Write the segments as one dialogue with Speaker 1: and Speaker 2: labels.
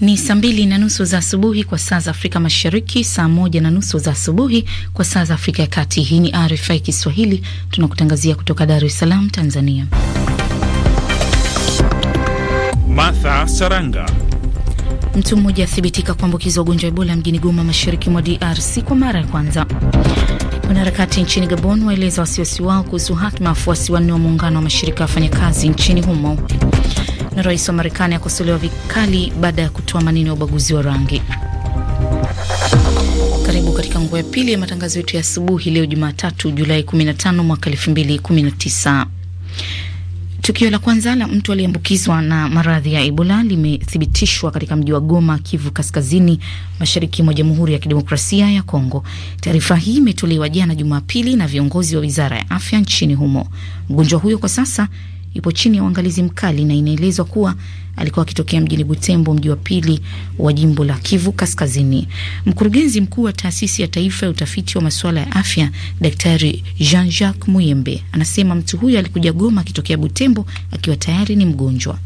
Speaker 1: Ni saa mbili na nusu za asubuhi kwa saa za Afrika Mashariki, saa moja na nusu za asubuhi kwa saa za Afrika ya Kati. Hii ni RFI Kiswahili, tunakutangazia kutoka Dar es Salaam, Tanzania.
Speaker 2: Martha Saranga.
Speaker 1: Mtu mmoja athibitika kuambukizwa ugonjwa wa Ebola mjini Goma, mashariki mwa DRC kwa mara ya kwanza. Wanaharakati nchini Gabon waeleza wasiwasi wao kuhusu hatma wafuasi wanne wa muungano wa mashirika ya wafanyakazi nchini humo na rais wa Marekani akosolewa vikali baada ya kutoa maneno ya ubaguzi wa rangi. Karibu katika nguo ya pili ya matangazo yetu ya asubuhi leo Jumatatu, Julai 15 mwaka 2019. Tukio la kwanza la mtu aliyeambukizwa na maradhi ya Ebola limethibitishwa katika mji wa Goma, Kivu Kaskazini, mashariki mwa Jamhuri ya Kidemokrasia ya Kongo. Taarifa hii imetolewa jana Jumapili na viongozi wa wizara ya afya nchini humo. Mgonjwa huyo kwa sasa ipo chini ya uangalizi mkali na inaelezwa kuwa alikuwa akitokea mjini Butembo, mji wa pili wa jimbo la Kivu Kaskazini. Mkurugenzi mkuu wa taasisi ya taifa ya utafiti wa masuala ya afya, Daktari Jean Jacques Muyembe, anasema mtu huyo alikuja Goma akitokea Butembo akiwa tayari ni mgonjwa.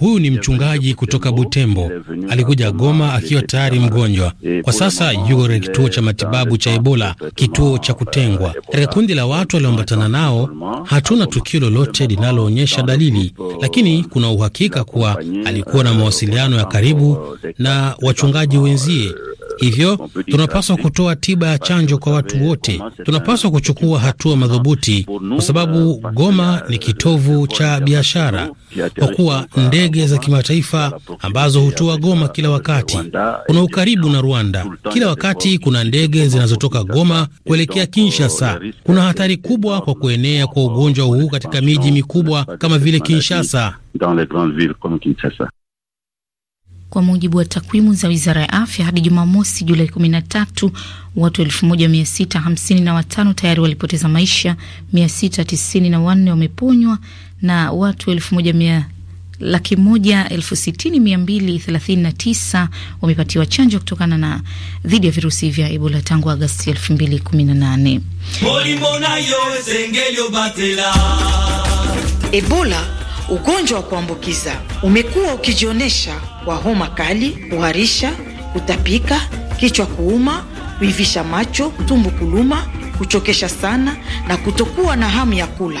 Speaker 3: Huyu ni mchungaji kutoka Butembo, alikuja Goma akiwa tayari mgonjwa. Kwa sasa yuko katika kituo cha matibabu cha Ebola, kituo cha kutengwa. Katika kundi la watu walioambatana nao, hatuna tukio lolote linaloonyesha dalili, lakini kuna uhakika kuwa alikuwa na euh, mawasiliano ya karibu na wachungaji wenzie euh, Hivyo tunapaswa kutoa tiba ya chanjo kwa watu wote. Tunapaswa kuchukua hatua madhubuti, kwa sababu euh, Goma ni euh, kitovu cha biashara, kwa kuwa ndege za kimataifa ambazo hutua Goma euh, kila wakati. Kuna ukaribu na Rwanda, kila wakati kuna ndege zinazotoka Goma kuelekea Kinshasa. Kuna hatari kubwa kwa kuenea kwa ugonjwa huu katika miji mikubwa kama vile Kinshasa.
Speaker 1: Kwa mujibu wa takwimu za wizara ya afya, hadi Jumamosi Julai 13 watu 1655 tayari walipoteza maisha, 694 wameponywa na watu 1100 laki moja elfu sitini mia mbili thelathini na tisa wamepatiwa chanjo kutokana na dhidi ya virusi vya Ebola tangu Agasti elfu mbili kumi na nane. Ebola ugonjwa wa kuambukiza umekuwa ukijionyesha wa homa kali, kuharisha, kutapika, kichwa kuuma, kuivisha macho, tumbo kuluma, kuchokesha sana na kutokuwa na hamu ya kula.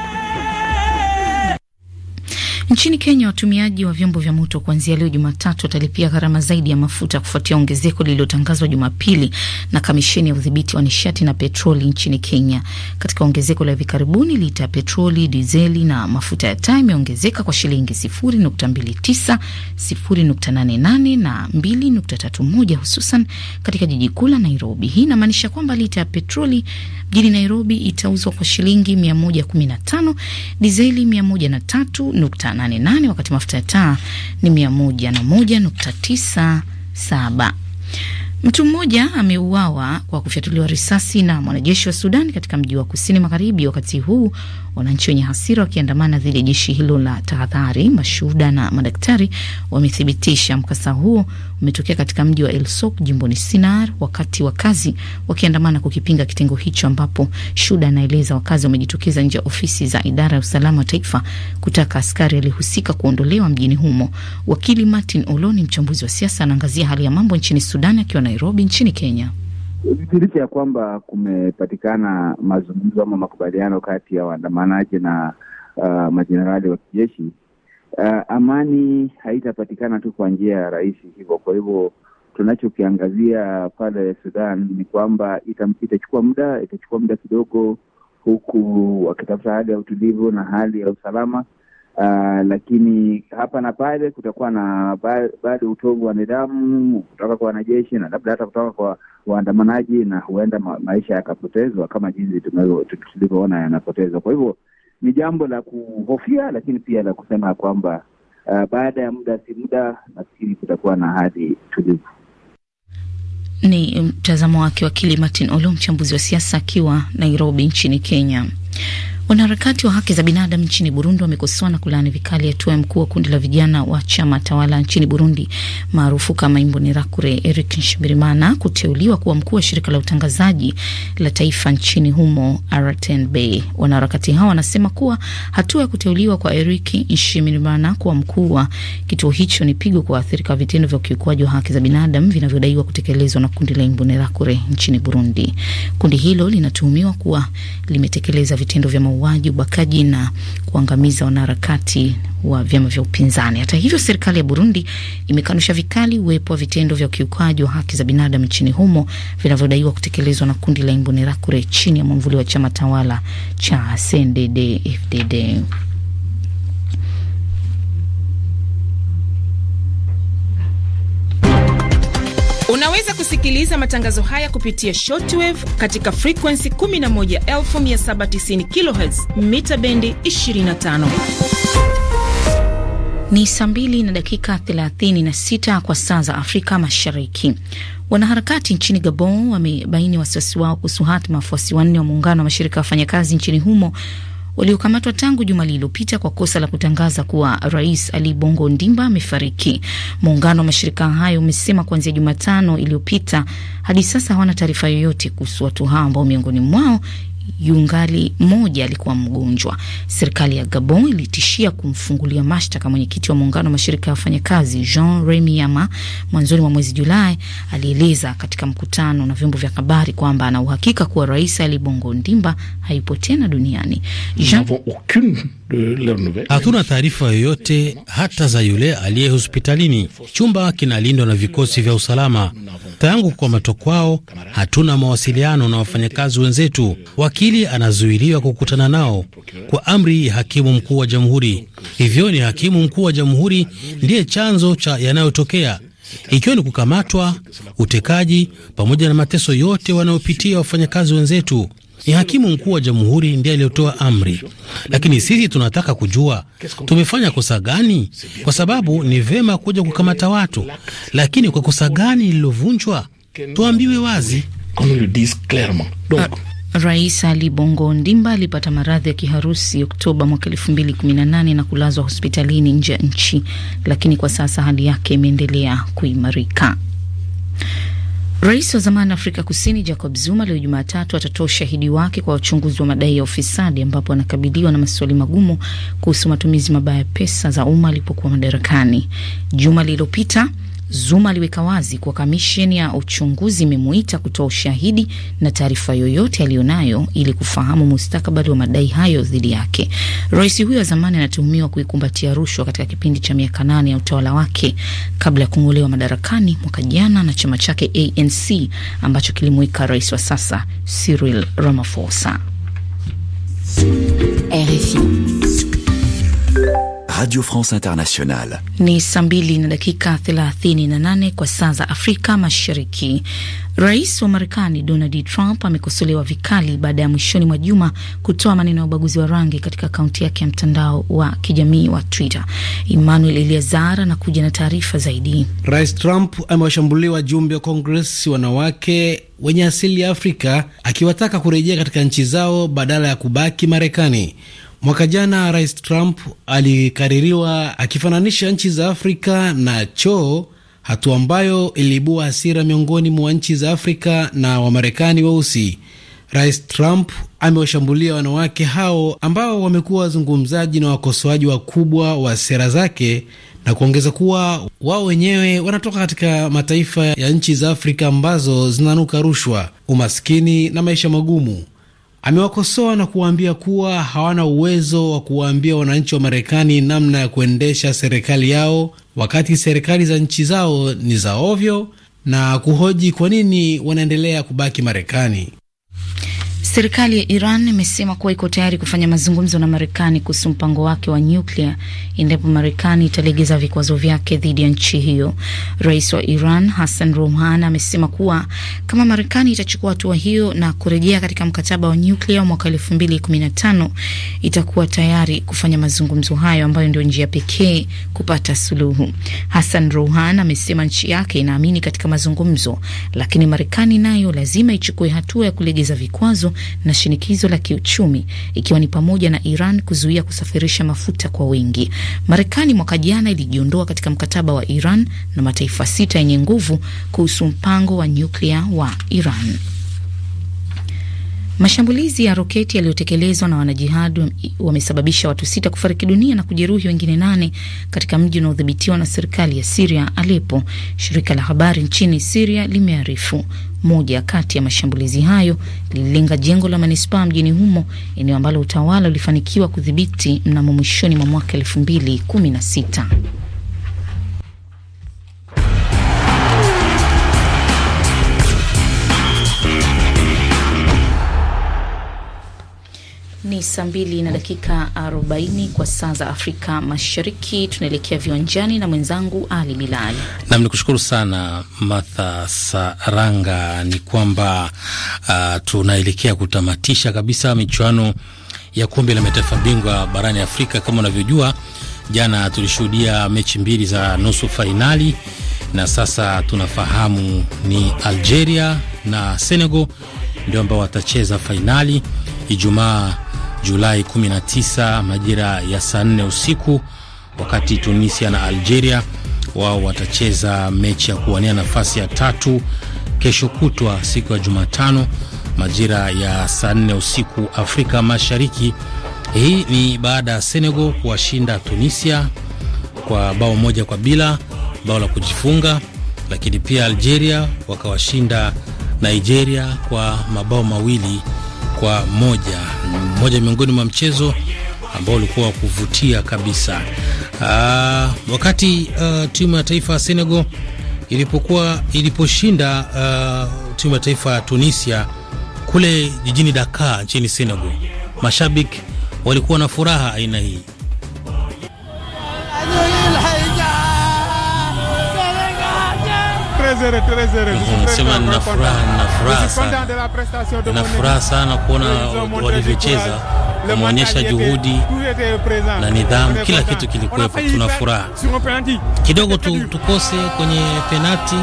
Speaker 1: Nchini Kenya, watumiaji wa vyombo vya moto kuanzia leo Jumatatu watalipia gharama zaidi ya mafuta kufuatia ongezeko lililotangazwa Jumapili na Kamisheni ya Udhibiti wa Nishati na Petroli nchini Kenya. Katika ongezeko la hivi karibuni, lita ya petroli, dizeli na mafuta ya taa imeongezeka kwa shilingi 0.29, 0.88 na 2.31, hususan katika jiji kuu la Nairobi. Hii inamaanisha kwamba lita ya petroli mjini Nairobi itauzwa kwa shilingi 115, dizeli 103 88, wakati mafuta ya taa ni 101.97. Mtu mmoja ameuawa kwa kufyatuliwa risasi na mwanajeshi wa Sudan katika mji wa kusini magharibi, wakati huu wananchi wenye hasira wakiandamana dhidi ya jeshi hilo la tahadhari. Mashuhuda na madaktari wamethibitisha mkasa huo umetokea katika mji wa El Sok jimboni Sinar, wakati wakazi wakiandamana kukipinga kitengo hicho, ambapo Shuda anaeleza wakazi wamejitokeza nje ya ofisi za idara ya usalama wa taifa kutaka askari aliyehusika kuondolewa mjini humo. Wakili Martin Oloni, mchambuzi wa siasa, anaangazia hali ya mambo nchini Sudan akiwa Nairobi nchini Kenya.
Speaker 2: Licha ya kwamba kumepatikana mazungumzo ama makubaliano kati ya waandamanaji na uh, majenerali wa kijeshi uh, amani haitapatikana tu kwa njia ya rahisi hivyo. Kwa hivyo tunachokiangazia pale Sudan ni kwamba itachukua muda, itachukua muda kidogo, huku wakitafuta hali ya utulivu na hali ya usalama uh, lakini hapa na pale kutakuwa na bado utovu wa nidhamu kutoka kwa wanajeshi na labda hata kutoka kwa waandamanaji, na huenda ma maisha yakapotezwa kama jinsi tulivyoona yanapotezwa. Kwa hivyo ni jambo la kuhofia, lakini pia la kusema kwamba uh, baada ya muda si muda, nafikiri kutakuwa na hali tulivu.
Speaker 1: Ni mtazamo wake wakili Martin Olo, mchambuzi wa siasa akiwa Nairobi nchini Kenya. Wanaharakati wa haki za binadamu nchini Burundi wamekosoa na kulaani vikali hatua ya mkuu wa kundi la vijana wa chama tawala nchini Burundi maarufu kama Imbonerakure Eric Nshimirimana, kuteuliwa kuwa mkuu wa shirika la utangazaji la taifa nchini humo RTNB. Wanaharakati hao wanasema kuwa hatua ya kuteuliwa kwa Eric Nshimirimana kuwa mkuu wa kituo hicho ni pigo kwa waathirika wa vitendo vya ukiukwaji wa haki za binadamu vinavyodaiwa kutekelezwa na kundi la Imbonerakure nchini Burundi. Kundi hilo linatuhumiwa kuwa limetekeleza vitendo vya mauaji mauaji, ubakaji na kuangamiza wanaharakati wa vyama vya upinzani. Hata hivyo, serikali ya Burundi imekanusha vikali uwepo wa vitendo vya ukiukaji wa haki za binadamu nchini humo vinavyodaiwa kutekelezwa na kundi la Imbonerakure chini ya mwamvuli wa chama tawala cha CNDD-FDD. Unaweza kusikiliza matangazo haya kupitia shortwave katika frequency 11790 kHz mita bendi 25. Ni saa 2 na dakika 36 kwa saa za Afrika Mashariki. Wanaharakati nchini Gabon wamebaini wasiwasi wao kuhusu hatma wafuasi wanne wa muungano wa mashirika ya wafanyakazi nchini humo waliokamatwa tangu juma lililopita kwa kosa la kutangaza kuwa Rais Ali Bongo Ndimba amefariki. Muungano wa mashirika hayo umesema kuanzia Jumatano iliyopita hadi sasa hawana taarifa yoyote kuhusu watu hao ambao miongoni mwao yungali moja alikuwa mgonjwa. Serikali ya Gabon ilitishia kumfungulia mashtaka mwenyekiti wa muungano wa mashirika ya wafanyakazi Jean Remy Yama mwanzoni mwa mwezi Julai. Alieleza katika mkutano na vyombo vya habari kwamba ana uhakika kuwa rais Ali Bongo Ndimba hayupo tena duniani. Jean...
Speaker 3: hatuna taarifa yoyote hata za yule aliye hospitalini. Chumba kinalindwa na vikosi vya usalama. Tangu kukamatwa kwao, hatuna mawasiliano na wafanyakazi wenzetu. Wakili anazuiliwa kukutana nao kwa amri ya hakimu mkuu wa jamhuri. Hivyo ni hakimu mkuu wa jamhuri ndiye chanzo cha yanayotokea, ikiwa ni kukamatwa, utekaji, pamoja na mateso yote wanayopitia wafanyakazi wenzetu. Ni hakimu mkuu wa jamhuri ndiye aliyotoa amri, lakini sisi tunataka kujua tumefanya kosa gani, kwa sababu ni vema kuja kukamata watu, lakini kwa kosa gani
Speaker 1: lililovunjwa,
Speaker 3: tuambiwe wazi. Ah,
Speaker 1: Rais Ali Bongo Ndimba alipata maradhi ya kiharusi Oktoba mwaka nane na kulazwa hospitalini nje ya nchi, lakini kwa sasa hali yake imeendelea kuimarika. Rais wa zamani wa Afrika Kusini Jacob Zuma leo Jumatatu atatoa ushahidi wake kwa wachunguzi wa madai ya ufisadi, ambapo anakabiliwa na maswali magumu kuhusu matumizi mabaya ya pesa za umma alipokuwa madarakani. Juma lililopita Zuma aliweka wazi kuwa kamisheni ya uchunguzi imemuita kutoa ushahidi na taarifa yoyote aliyonayo ili kufahamu mustakabali wa madai hayo dhidi yake. Rais huyo wa zamani anatuhumiwa kuikumbatia rushwa katika kipindi cha miaka nane ya utawala wake kabla ya kung'olewa madarakani mwaka jana na chama chake ANC ambacho kilimuweka rais wa sasa Cyril Ramaphosa. RFI.
Speaker 2: Radio France Internationale.
Speaker 1: Ni saa mbili na dakika 38 kwa saa za Afrika Mashariki. Rais wa Marekani Donald Trump amekosolewa vikali baada ya mwishoni mwa juma kutoa maneno ya ubaguzi wa rangi katika akaunti yake ya mtandao wa kijamii wa Twitter. Emmanuel Eliazar anakuja na taarifa zaidi.
Speaker 4: Rais Trump amewashambulia wajumbe wa Kongresi wanawake wenye asili ya Afrika akiwataka kurejea katika nchi zao badala ya kubaki Marekani. Mwaka jana Rais Trump alikaririwa akifananisha nchi za Afrika na choo, hatua ambayo iliibua hasira miongoni mwa nchi za Afrika na Wamarekani weusi Rais Trump amewashambulia wanawake hao ambao wamekuwa wazungumzaji na wakosoaji wakubwa wa sera zake na kuongeza kuwa wao wenyewe wanatoka katika mataifa ya nchi za Afrika ambazo zinanuka rushwa, umaskini na maisha magumu amewakosoa na kuwaambia kuwa hawana uwezo wa kuwaambia wananchi wa Marekani namna ya kuendesha serikali yao, wakati serikali za nchi zao ni za ovyo, na kuhoji kwa nini wanaendelea kubaki Marekani.
Speaker 1: Serikali ya Iran imesema kuwa iko tayari kufanya mazungumzo na Marekani kuhusu mpango wake wa nyuklia endapo Marekani italegeza vikwazo vyake dhidi ya nchi hiyo. Rais wa Iran Hassan Rouhani amesema kuwa kama Marekani itachukua hatua hiyo na kurejea katika mkataba wa nyuklia wa mwaka elfu mbili kumi na tano itakuwa tayari kufanya mazungumzo hayo ambayo ndio njia pekee kupata suluhu. Hassan Rouhani amesema nchi yake inaamini katika mazungumzo, lakini Marekani nayo lazima ichukue hatua ya kulegeza vikwazo na shinikizo la kiuchumi, ikiwa ni pamoja na Iran kuzuia kusafirisha mafuta kwa wingi. Marekani mwaka jana ilijiondoa katika mkataba wa Iran na mataifa sita yenye nguvu kuhusu mpango wa nyuklia wa Iran. Mashambulizi ya roketi yaliyotekelezwa na wanajihadi wamesababisha watu sita kufariki dunia na kujeruhi wengine nane katika mji unaodhibitiwa na serikali ya Siria, Alepo, shirika la habari nchini Siria limearifu. Moja kati ya mashambulizi hayo lililenga jengo la manispaa mjini humo, eneo ambalo utawala ulifanikiwa kudhibiti mnamo mwishoni mwa mwaka elfu mbili kumi na sita. Ni saa mbili na dakika arobaini kwa saa za Afrika Mashariki. Tunaelekea viwanjani na mwenzangu Ali Bilali
Speaker 3: nam. Ni kushukuru sana Martha Saranga. Ni kwamba uh, tunaelekea kutamatisha kabisa michuano ya kombe la mataifa bingwa barani Afrika. Kama unavyojua, jana tulishuhudia mechi mbili za nusu fainali na sasa tunafahamu ni Algeria na Senegal ndio ambao watacheza fainali Ijumaa Julai 19 majira ya saa nne usiku, wakati Tunisia na Algeria wao watacheza mechi ya kuwania nafasi ya tatu kesho kutwa siku ya Jumatano majira ya saa nne usiku Afrika Mashariki. Hii ni baada ya Senegal kuwashinda Tunisia kwa bao moja kwa bila, bao la kujifunga, lakini pia Algeria wakawashinda Nigeria kwa mabao mawili kwa moja, moja miongoni mwa mchezo ambao ulikuwa wa kuvutia kabisa. Aa, ah, wakati uh, timu ya taifa ya Senegal ilipokuwa iliposhinda uh, timu ya taifa ya Tunisia kule jijini Dakar nchini Senegal, mashabiki walikuwa na furaha aina hii. heureux, très heureux. nina furaha,
Speaker 1: nina furaha sana, nina furaha
Speaker 3: sana kuona walivyocheza, wameonyesha juhudi
Speaker 2: na nidhamu, kila kitu kilikuwepo. Tuna furaha
Speaker 3: kidogo tu tukose kwenye penati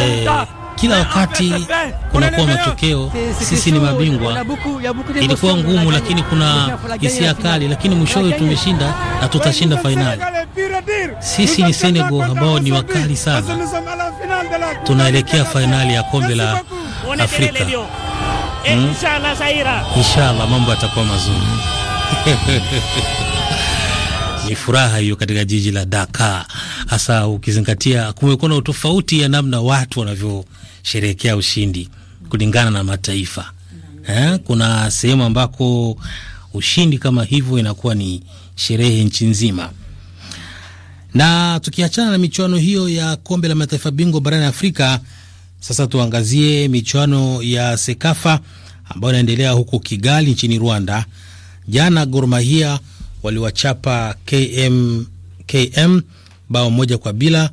Speaker 3: eh, kila wakati kunakuwa matokeo. Sisi ni mabingwa.
Speaker 2: Ilikuwa ngumu, lakini kuna hisia kali, lakini mwishowe tumeshinda na tutashinda fainali. Sisi ni Senegal ambao ni wakali sana. Tunaelekea fainali ya kombe la Afrika. Hmm?
Speaker 3: Inshallah mambo yatakuwa mazuri. Ni furaha hiyo katika jiji la Dakar, hasa ukizingatia kumekuwa na utofauti ya namna watu wanavyo kusherehekea ushindi kulingana na mataifa eh. Kuna sehemu ambako ushindi kama hivyo inakuwa ni sherehe nchi nzima. Na tukiachana na michuano hiyo ya kombe la mataifa bingwa barani Afrika, sasa tuangazie michuano ya Sekafa ambayo inaendelea huko Kigali nchini Rwanda. Jana Gor Mahia waliwachapa KM, KM bao moja kwa bila,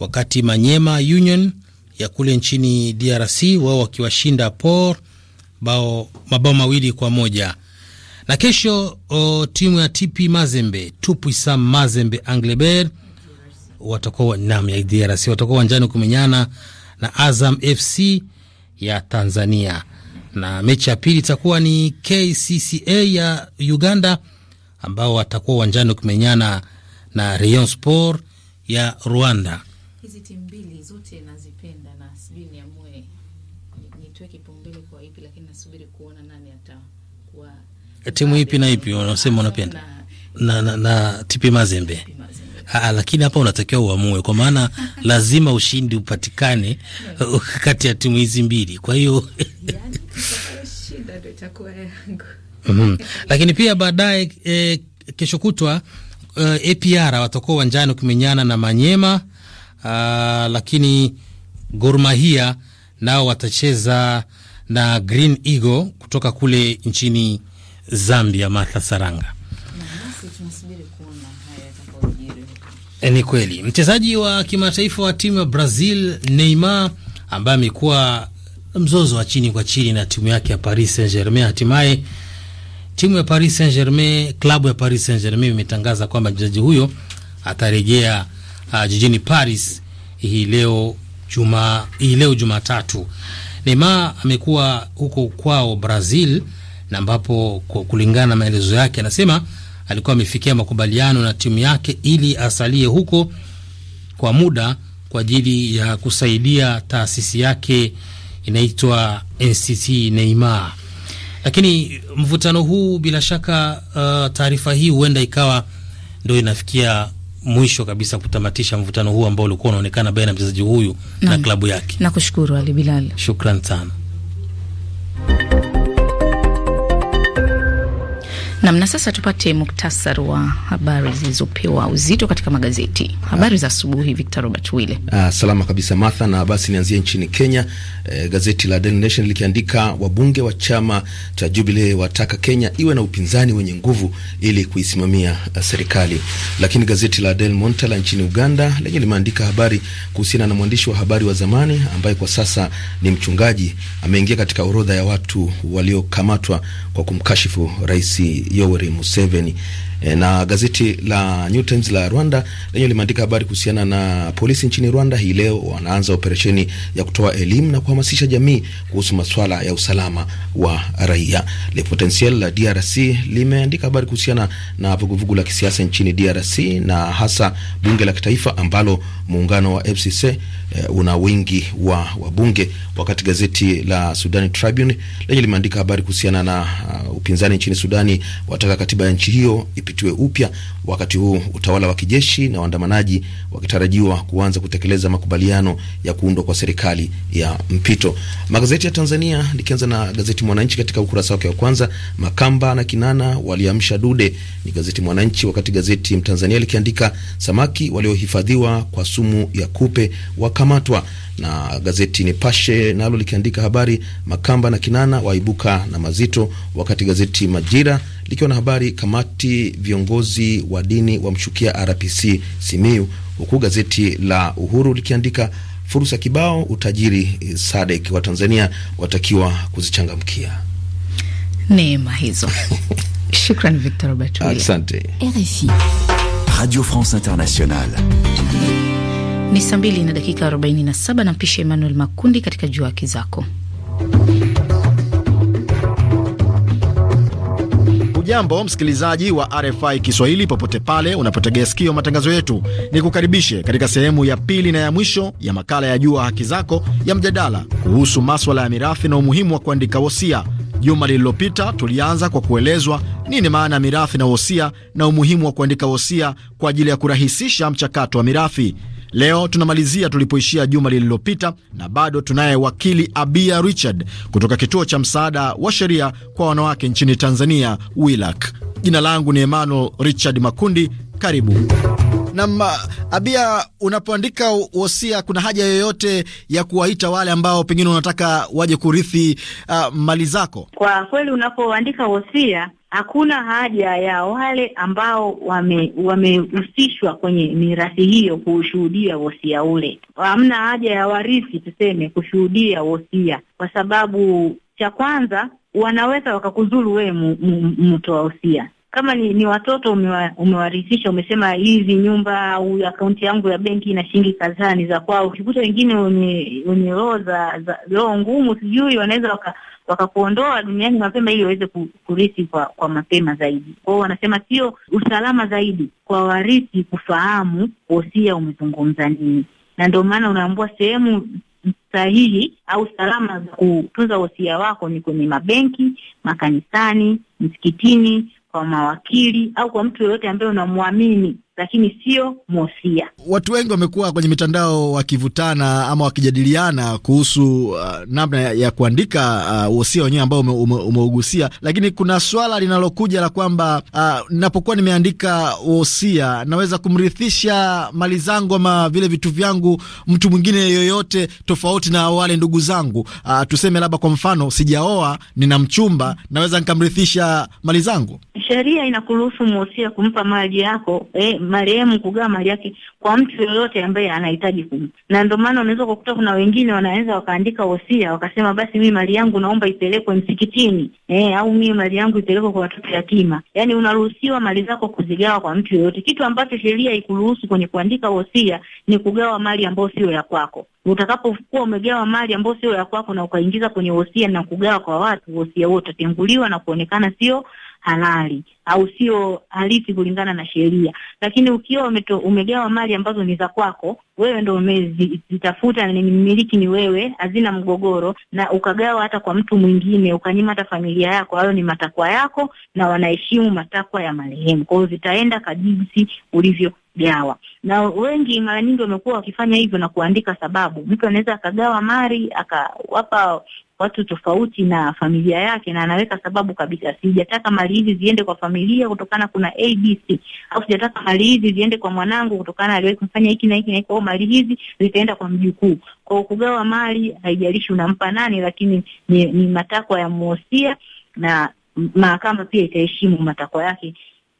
Speaker 3: wakati Manyema Union ya kule nchini DRC, wao wakiwashinda port bao mabao mawili kwa moja. Na kesho o, timu ya TP Mazembe Tupuisam Mazembe Anglebert watakuwa nam ya DRC watakuwa uwanjani kumenyana na Azam FC ya Tanzania, na mechi ya pili itakuwa ni KCCA ya Uganda ambao watakuwa uwanjani kumenyana na Rayon Sport ya Rwanda hizi timu
Speaker 1: mbili zote nazipenda na sijui niamue nitoe kipaumbele kwa ipi, lakini nasubiri kuona nani atakuwa
Speaker 3: eh, timu ipi na ipi unasema unapenda na, na, na na tipi Mazembe. Ha, ah, ah, lakini hapa unatakiwa uamue kwa maana lazima ushindi upatikane kati ya timu hizi mbili, kwa hiyo mhm. Lakini pia baadaye e, kesho kutwa e, eh, APR watakuwa uwanjani kumenyana na Manyema uh, lakini Gor Mahia nao watacheza na Green Eagle kutoka kule nchini Zambia. Martha Saranga. Eh, ni kweli mchezaji wa kimataifa wa timu ya Brazil Neymar ambaye amekuwa mzozo wa chini kwa chini na timu yake ya Paris Saint Germain, hatimaye timu ya Paris Saint Germain, klabu ya Paris Saint Germain imetangaza kwamba mchezaji huyo atarejea uh, jijini Paris hii leo juma hii leo Jumatatu. Neymar amekuwa huko kwao Brazil na ambapo kulingana na maelezo yake anasema alikuwa amefikia makubaliano na timu yake ili asalie huko kwa muda kwa ajili ya kusaidia taasisi yake inaitwa NCC Neymar. Lakini mvutano huu bila shaka, uh, taarifa hii huenda ikawa ndio inafikia mwisho kabisa kutamatisha mvutano huu ambao ulikuwa unaonekana baina ya mchezaji huyu na, na klabu yake.
Speaker 1: Nakushukuru Ali Bilal,
Speaker 3: shukran sana.
Speaker 1: Namna sasa tupate muktasari wa habari zilizopewa uzito katika magazeti. Habari za asubuhi, Victor Robert Wile.
Speaker 5: Ah, salama kabisa Martha, na basi nianzie nchini Kenya. Eh, gazeti la Daily Nation likiandika wabunge wa chama cha Jubilee wataka Kenya iwe na upinzani wenye nguvu ili kuisimamia eh, serikali. Lakini gazeti la Daily Monitor la nchini Uganda lenye limeandika habari kuhusiana na mwandishi wa habari wa zamani ambaye kwa sasa ni mchungaji ameingia katika orodha ya watu waliokamatwa kwa kumkashifu rais Yoweri Museveni. E, na gazeti la New Times la Rwanda lenye limeandika habari kuhusiana na polisi nchini Rwanda hii leo wanaanza operesheni ya kutoa elimu na kuhamasisha jamii kuhusu masuala ya usalama wa raia. Le Potentiel la DRC limeandika habari kuhusiana na vuguvugu la kisiasa nchini DRC na hasa bunge la kitaifa ambalo muungano wa FCC eh, una wingi wa wabunge, wakati gazeti la Sudani Tribune lenye limeandika habari kuhusiana na uh, upinzani nchini Sudani wataka katiba ya nchi hiyo ipitiwe upya, wakati huu utawala wa kijeshi na waandamanaji wakitarajiwa kuanza kutekeleza makubaliano ya kuundwa kwa serikali ya mpito. Magazeti ya Tanzania nikianza na gazeti Mwananchi katika ukurasa wake wa kwanza, Makamba na Kinana waliamsha dude, ni gazeti Mwananchi, wakati gazeti Mtanzania likiandika samaki waliohifadhiwa kwa sumu ya kupe waka wamekamatwa, na gazeti Nipashe nalo likiandika habari Makamba na Kinana waibuka na mazito, wakati gazeti Majira likiwa na habari kamati viongozi wa dini wamshukia RPC Simiu, huku gazeti la Uhuru likiandika fursa kibao utajiri eh, Sadek wa Tanzania watakiwa kuzichangamkia. Neema hizo
Speaker 1: Shukran Victor Robert, asante. RFI
Speaker 2: Radio France Internationale.
Speaker 1: Ni saa mbili na dakika 47 na mpisha Emmanuel Makundi katika Jua Haki Zako.
Speaker 6: Jambo msikilizaji wa RFI Kiswahili popote pale unapotegea sikio matangazo yetu, ni kukaribishe katika sehemu ya pili na ya mwisho ya makala ya Jua Haki Zako ya mjadala kuhusu maswala ya mirathi na umuhimu wa kuandika wosia. Juma lililopita tulianza kwa kuelezwa nini maana ya mirathi na wosia na umuhimu wa kuandika wosia kwa ajili ya kurahisisha mchakato wa mirathi. Leo tunamalizia tulipoishia juma lililopita, na bado tunaye wakili Abia Richard kutoka kituo cha msaada wa sheria kwa wanawake nchini Tanzania, wilak Jina langu ni Emmanuel Richard Makundi, karibu. Na Abia, unapoandika wosia, kuna haja yoyote ya kuwaita wale ambao pengine unataka waje kurithi uh, mali zako?
Speaker 7: Kwa kweli unapoandika wosia hakuna haja ya wale ambao wamehusishwa wame kwenye mirathi hiyo kuushuhudia wosia ule. Hamna haja ya warithi tuseme kushuhudia wosia, kwa sababu cha kwanza wanaweza wakakuzuru wewe mtoa wosia kama ni, ni watoto umewa, umewarithisha umesema hizi nyumba au akaunti yangu ya benki ina shilingi kadhaa ni za kwao. Ukikuta wengine wenye roho za, roho ngumu, sijui wanaweza wakakuondoa duniani mapema ili waweze kurithi kwa, kwa mapema zaidi. Kwa hiyo wanasema sio usalama zaidi kwa warithi kufahamu wosia umezungumza nini, na ndio maana unaambua sehemu sahihi au salama za kutunza wosia wako ni kwenye mabenki, makanisani, msikitini kwa mawakili au kwa mtu yoyote ambaye unamwamini, lakini sio
Speaker 6: mwosia. Watu wengi wamekuwa kwenye mitandao wakivutana ama wakijadiliana kuhusu uh, namna ya, ya kuandika uh, wosia uh, wenyewe ambao umeugusia, lakini kuna swala linalokuja la kwamba uh, napokuwa nimeandika wosia naweza kumrithisha mali zangu ama vile vitu vyangu mtu mwingine yoyote tofauti na wale ndugu zangu. Uh, tuseme labda kwa mfano sijaoa, nina mchumba, naweza nikamrithisha mali zangu
Speaker 7: sheria inakuruhusu mhusia kumpa mali yako eh, marehemu kugawa mali yake kwa mtu yoyote ambaye anahitaji kumpa, na ndio maana unaweza kukuta kuna wengine wanaweza wakaandika wosia wakasema, basi mimi mali yangu naomba ipelekwe msikitini eh, au mimi mali yangu ipelekwe kwa watoto yatima. Yani unaruhusiwa mali zako kuzigawa kwa mtu yoyote, kitu ambacho sheria ikuruhusu kwenye kuandika wosia ni kugawa mali ambayo sio ya kwako. Utakapokuwa umegawa mali ambayo sio ya kwako na ukaingiza kwenye wosia na kugawa kwa watu, wosia huo utatenguliwa na kuonekana sio halali au sio halisi kulingana na sheria. Lakini ukiwa umegawa mali ambazo ni za kwako wewe, ndo umezitafuta na mmiliki ni wewe, hazina mgogoro, na ukagawa hata kwa mtu mwingine, ukanyima hata familia yako, hayo ni matakwa yako na wanaheshimu matakwa ya marehemu. Kwa hiyo zitaenda kajinsi ulivyogawa, na wengi mara nyingi wamekuwa wakifanya hivyo na kuandika sababu. Mtu anaweza akagawa mali akawapa watu tofauti na familia yake, na anaweka sababu kabisa, sijataka mali hizi ziende kwa familia kutokana kuna ABC, au sijataka mali hizi ziende kwa mwanangu kutokana aliwahi kufanya hiki na hiki na hiki, au mali hizi zitaenda kwa mjukuu. Kwa kugawa mali, haijalishi unampa nani, lakini ni, ni matakwa ya muhosia na mahakama pia itaheshimu matakwa yake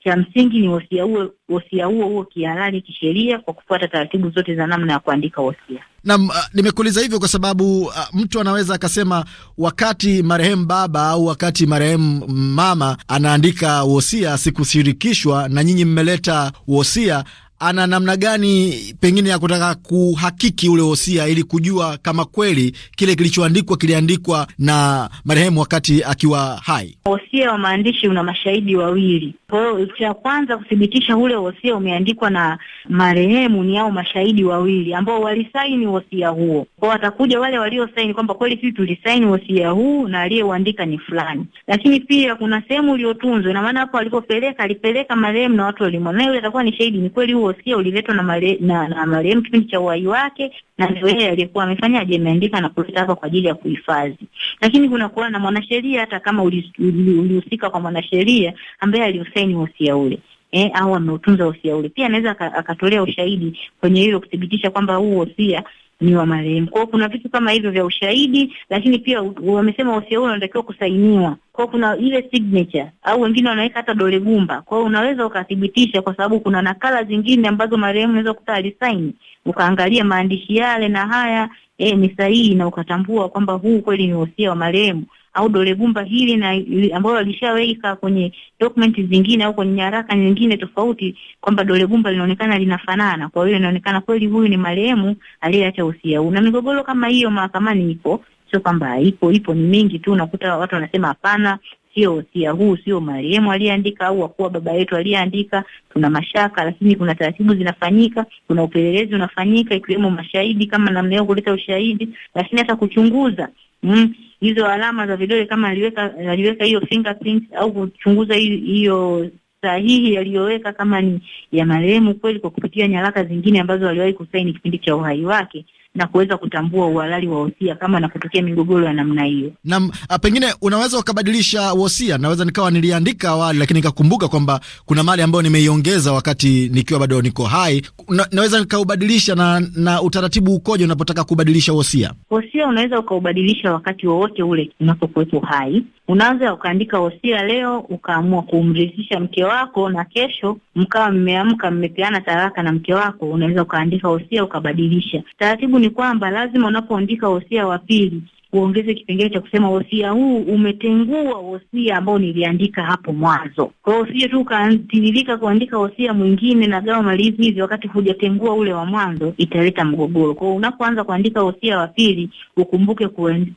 Speaker 7: cha msingi ni wasia huo wasia huo huo kihalali kisheria kwa kufuata taratibu zote za namna ya kuandika wasia. Naam, uh, nimekuuliza
Speaker 6: hivyo kwa sababu uh, mtu anaweza akasema wakati marehemu baba au wakati marehemu mama anaandika wosia sikushirikishwa na nyinyi mmeleta wosia ana namna gani pengine ya kutaka kuhakiki ule wosia ili kujua kama kweli kile kilichoandikwa kiliandikwa na marehemu wakati akiwa hai?
Speaker 7: Wosia wa maandishi una mashahidi wawili. Kwa hiyo cha kwanza kuthibitisha ule wosia umeandikwa na marehemu ni hao mashahidi wawili ambao walisaini wosia huo. Kwa watakuja wale waliosaini kwamba kweli sisi tulisaini wosia huu na aliyeuandika ni fulani. Lakini pia kuna sehemu iliyotunzwa, ina maana hapo alipopeleka alipeleka marehemu na watu walimwona, yule atakuwa ni shahidi, ni kweli huo wosia uliletwa na marehemu na, na marehemu kipindi cha uhai wake, na ndio yeye aliyekuwa amefanyaje, ameandika na kuleta hapa kwa ajili ya kuhifadhi. Lakini kuna kuwa na mwanasheria, hata kama ulihusika kwa mwanasheria ambaye aliusaini wosia ule eh, au ameutunza wosia ule, pia anaweza akatolea ushahidi kwenye hiyo kuthibitisha kwamba huu wosia ni wa marehemu. Kwa hiyo kuna vitu kama hivyo vya ushahidi, lakini pia wamesema wosia huo unatakiwa kusainiwa. Kwa hiyo kuna ile signature au wengine wanaweka hata dole gumba. Kwa hiyo unaweza ukathibitisha, kwa sababu kuna nakala zingine ambazo marehemu unaweza kuta alisaini, ukaangalia maandishi yale na haya e, ni sahihi na ukatambua kwamba huu kweli ni wosia wa marehemu au dole gumba hili na ambayo walishaweka kwenye dokumenti zingine au kwenye nyaraka nyingine tofauti, kwamba dole gumba linaonekana linafanana, kwa hiyo inaonekana kweli huyu ni marehemu aliyeacha usia huu. Na migogoro kama hiyo mahakamani ipo, sio kwamba ipo ipo, ni mingi tu. Unakuta watu wanasema hapana, sio usia huu, sio marehemu aliyeandika au wakuwa baba yetu aliyeandika, tuna mashaka. Lakini kuna taratibu zinafanyika, kuna upelelezi unafanyika, ikiwemo mashahidi kama namna hiyo, kuleta ushahidi, lakini hata kuchunguza Hmm? hizo alama za vidole kama aliweka aliweka hiyo fingerprint au kuchunguza hiyo sahihi aliyoweka kama ni ya marehemu kweli, kwa kupitia nyaraka zingine ambazo aliwahi kusaini kipindi cha uhai wake na kuweza kutambua uhalali wa wosia kama anapotokea migogoro ya namna hiyo. a, ah, pengine unaweza ukabadilisha
Speaker 6: wosia. Naweza nikawa niliandika awali, lakini nikakumbuka kwamba kuna mali ambayo nimeiongeza wakati nikiwa bado niko hai na, naweza nikaubadilisha na, na utaratibu ukoje unapotaka kubadilisha wosia?
Speaker 7: Wosia unaweza ukaubadilisha wakati wowote ule unapokuwepo hai, Unaweza ukaandika wosia leo, ukaamua kumridhisha mke wako, na kesho mkawa mmeamka mmepeana talaka na mke wako, unaweza ukaandika wosia ukabadilisha. Taratibu ni kwamba lazima unapoandika wosia wa pili uongeze kipengele cha kusema wosia huu umetengua wosia ambao niliandika hapo mwanzo. Kwa hiyo usije tu ukatiririka kuandika wosia mwingine na gawa malizi hivi, wakati hujatengua ule wa mwanzo, italeta mgogoro. Kwa hiyo unapoanza kuandika wosia wa pili, ukumbuke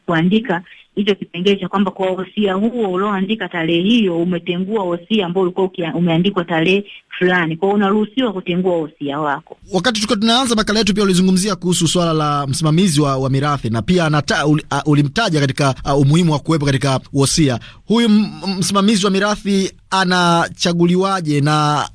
Speaker 7: kuandika hicho kipengele cha kwamba kwa wosia huo ulioandika tarehe hiyo umetengua wosia ambao ulikuwa umeandikwa tarehe fulani, kwa unaruhusiwa kutengua wosia wako.
Speaker 6: Wakati tuko tunaanza makala yetu, pia ulizungumzia kuhusu swala la msimamizi wa, wa mirathi na pia anata, uli, uh, ulimtaja katika uh, umuhimu wa kuwepo katika wosia. Huyu msimamizi wa mirathi anachaguliwaje na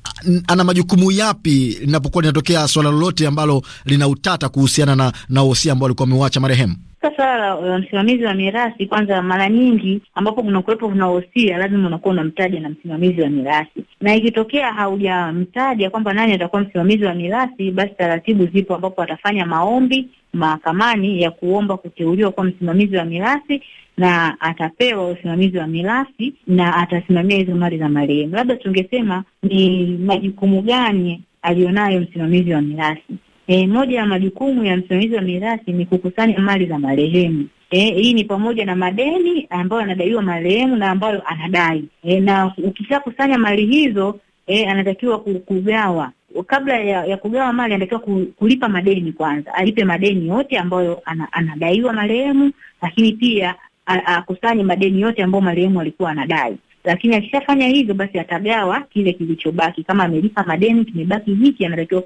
Speaker 6: ana majukumu yapi linapokuwa linatokea swala lolote ambalo lina utata kuhusiana na wosia ambao alikuwa ameuacha marehemu?
Speaker 7: Katika suala uh, la msimamizi wa mirathi, kwanza, mara nyingi ambapo kunakuwepo kuna wosia, lazima unakuwa unamtaja na msimamizi wa mirathi, na ikitokea haujamtaja kwamba nani atakuwa msimamizi wa mirathi, basi taratibu zipo ambapo atafanya maombi mahakamani ya kuomba kuteuliwa kuwa msimamizi wa mirathi na atapewa usimamizi wa mirathi na atasimamia hizo mali za marehemu. Labda tungesema ni majukumu gani aliyonayo msimamizi wa mirathi. E, moja ya majukumu ya msimamizi wa mirathi ni kukusanya mali za marehemu. E, hii ni pamoja na madeni ambayo anadaiwa marehemu na ambayo anadai. E, na ukishakusanya mali hizo e, anatakiwa kugawa. Kabla ya, ya kugawa mali anatakiwa kulipa madeni kwanza, alipe madeni yote ambayo ana, anadaiwa marehemu, lakini pia akusanye madeni yote ambayo marehemu alikuwa anadai lakini akishafanya hivyo, basi atagawa kile kilichobaki. Kama amelipa madeni, kimebaki hiki, anatakiwa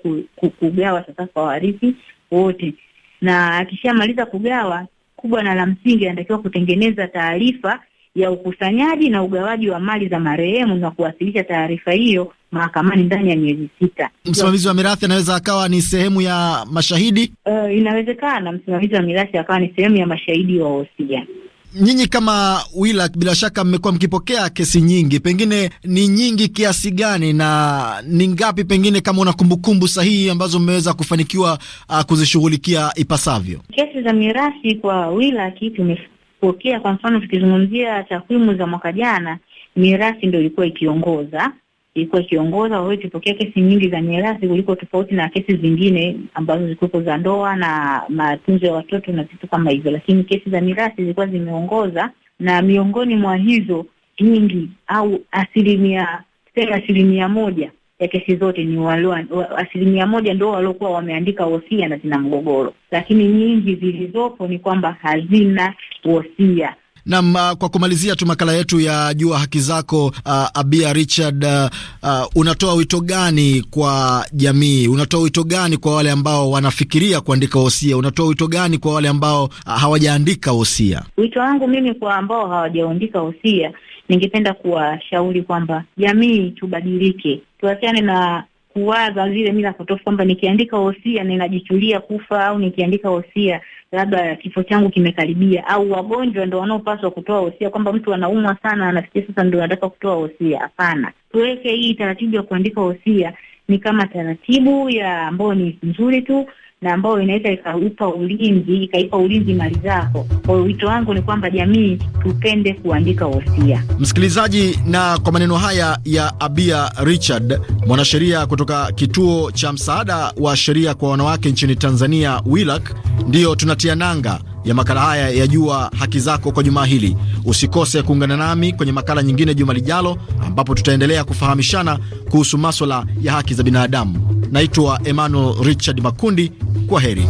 Speaker 7: kugawa sasa kwa warithi wote, na akishamaliza kugawa, kubwa na la msingi, anatakiwa kutengeneza taarifa ya ukusanyaji na ugawaji wa mali za marehemu na kuwasilisha taarifa hiyo mahakamani ndani ya miezi sita. Msimamizi wa
Speaker 6: mirathi anaweza akawa ni sehemu ya mashahidi. Uh, inawezekana msimamizi wa mirathi
Speaker 7: akawa ni sehemu ya mashahidi wa wosia
Speaker 6: nyinyi kama wila, bila shaka mmekuwa mkipokea kesi nyingi, pengine ni nyingi kiasi gani na ni ngapi, pengine kama una kumbukumbu sahihi ambazo mmeweza kufanikiwa uh, kuzishughulikia ipasavyo?
Speaker 7: Kesi za mirathi kwa wila tumepokea, kwa mfano tukizungumzia takwimu za mwaka jana, mirathi ndio ilikuwa ikiongoza ilikuwa ikiongoza waweze kupokea kesi nyingi za mirathi kuliko tofauti na kesi zingine ambazo zilikuwepo za ndoa na matunzo ya watoto na vitu kama hivyo, lakini kesi za mirathi zilikuwa zimeongoza, na miongoni mwa hizo nyingi au asilimia tena asilimia moja ya kesi zote ni walio asilimia moja ndio waliokuwa wameandika wosia na zina mgogoro, lakini nyingi zilizopo ni kwamba hazina wosia.
Speaker 6: Nam, uh, kwa kumalizia tu makala yetu ya Jua Haki Zako, uh, Abia Richard, uh, uh, unatoa wito gani kwa jamii? Unatoa wito gani kwa wale ambao wanafikiria kuandika wosia? Unatoa wito gani kwa wale ambao uh, hawajaandika wosia?
Speaker 7: Wito wangu mimi kwa ambao hawajaandika wosia, ningependa kuwashauri kwamba jamii tubadilike, tuachane na kuwaza zile mila potofu kwamba nikiandika hosia ninajichulia kufa au nikiandika hosia labda kifo changu kimekaribia, au wagonjwa ndo wanaopaswa kutoa hosia, kwamba mtu anaumwa sana anafikia sasa ndo anataka kutoa hosia. Hapana, tuweke hii taratibu ya kuandika hosia ni kama taratibu ya ambayo ni nzuri tu na ambayo inaweza ikaupa ulinzi ikaipa ulinzi mali zako. Kwa hiyo wito wangu ni kwamba jamii tupende kuandika wosia.
Speaker 6: Msikilizaji, na kwa maneno haya ya Abia Richard, mwanasheria kutoka kituo cha msaada wa sheria kwa wanawake nchini Tanzania wilak ndiyo tunatia nanga ya makala haya ya Jua Haki Zako kwa jumaa hili. Usikose kuungana nami kwenye makala nyingine juma lijalo, ambapo tutaendelea kufahamishana kuhusu maswala ya haki za binadamu. Naitwa Emmanuel Richard Makundi, kwa heri.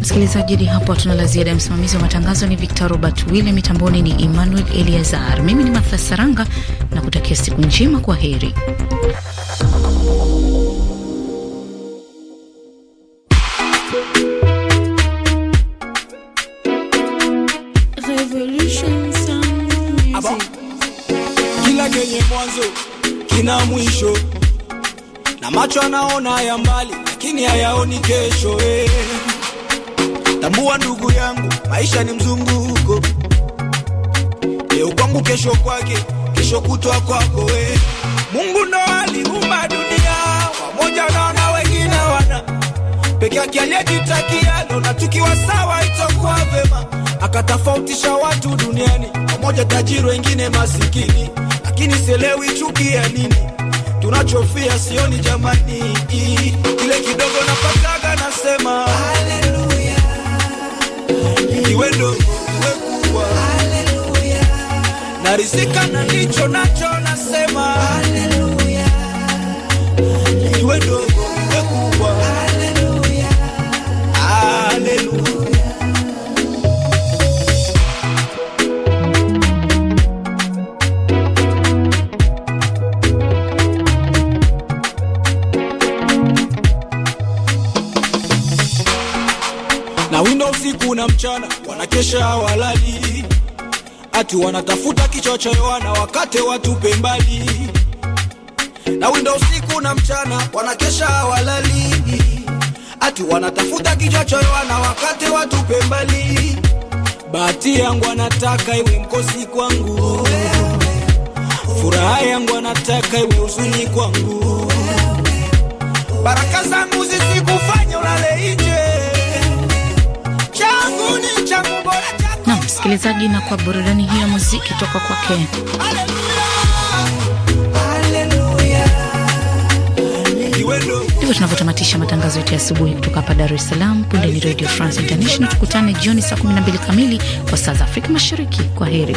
Speaker 1: Msikilizaji, hadi hapo hatuna la ziada. Ya msimamizi wa matangazo ni Victor Robert Wille, mitamboni ni Emmanuel Eliazar, mimi ni Martha Saranga na kutakia siku njema, kwa heri.
Speaker 2: Kila kenye mwanzo kina mwisho na macho anaona ya mbali, lakini hayaoni kesho eh. Tambua ndugu yangu, maisha ni mzunguko. Leo kwangu, kesho kwake, kesho kutwa kwako eh. Mungu ndo aliumba dunia, wamoja wanaona, wengine wana peke yake, aliyejitakialo na tukiwa sawa itakuwa vema. Akatofautisha watu duniani, wamoja tajiri, wengine masikini, lakini sielewi chuki ya nini tunachofia sioni jamani, kile kidogo napakaga nasema haleluya, iwe ndo narizika na ndicho nacho nasema haleluya na winda usiku na mchana, wanakesha hawalali, ati wanatafuta kichwa cha Yohana wakate watu pembali. Na winda usiku na mchana, wanakesha hawalali, ati wanatafuta kichwa cha Yohana wakate watu pembali. Bahati yangu anataka iwe mkosi kwangu, furaha yangu anataka iwe huzuni kwangu, baraka zangu zisikufanya ulale nje
Speaker 1: na msikilizaji, na kwa burudani hiyo ya muziki toka kwake ndivyo tunavyotamatisha matangazo yetu ya asubuhi kutoka hapa Dar es Salaam. Punde ni Radio France International. Tukutane jioni saa 12 kamili kwa saa za Afrika Mashariki. Kwa heri.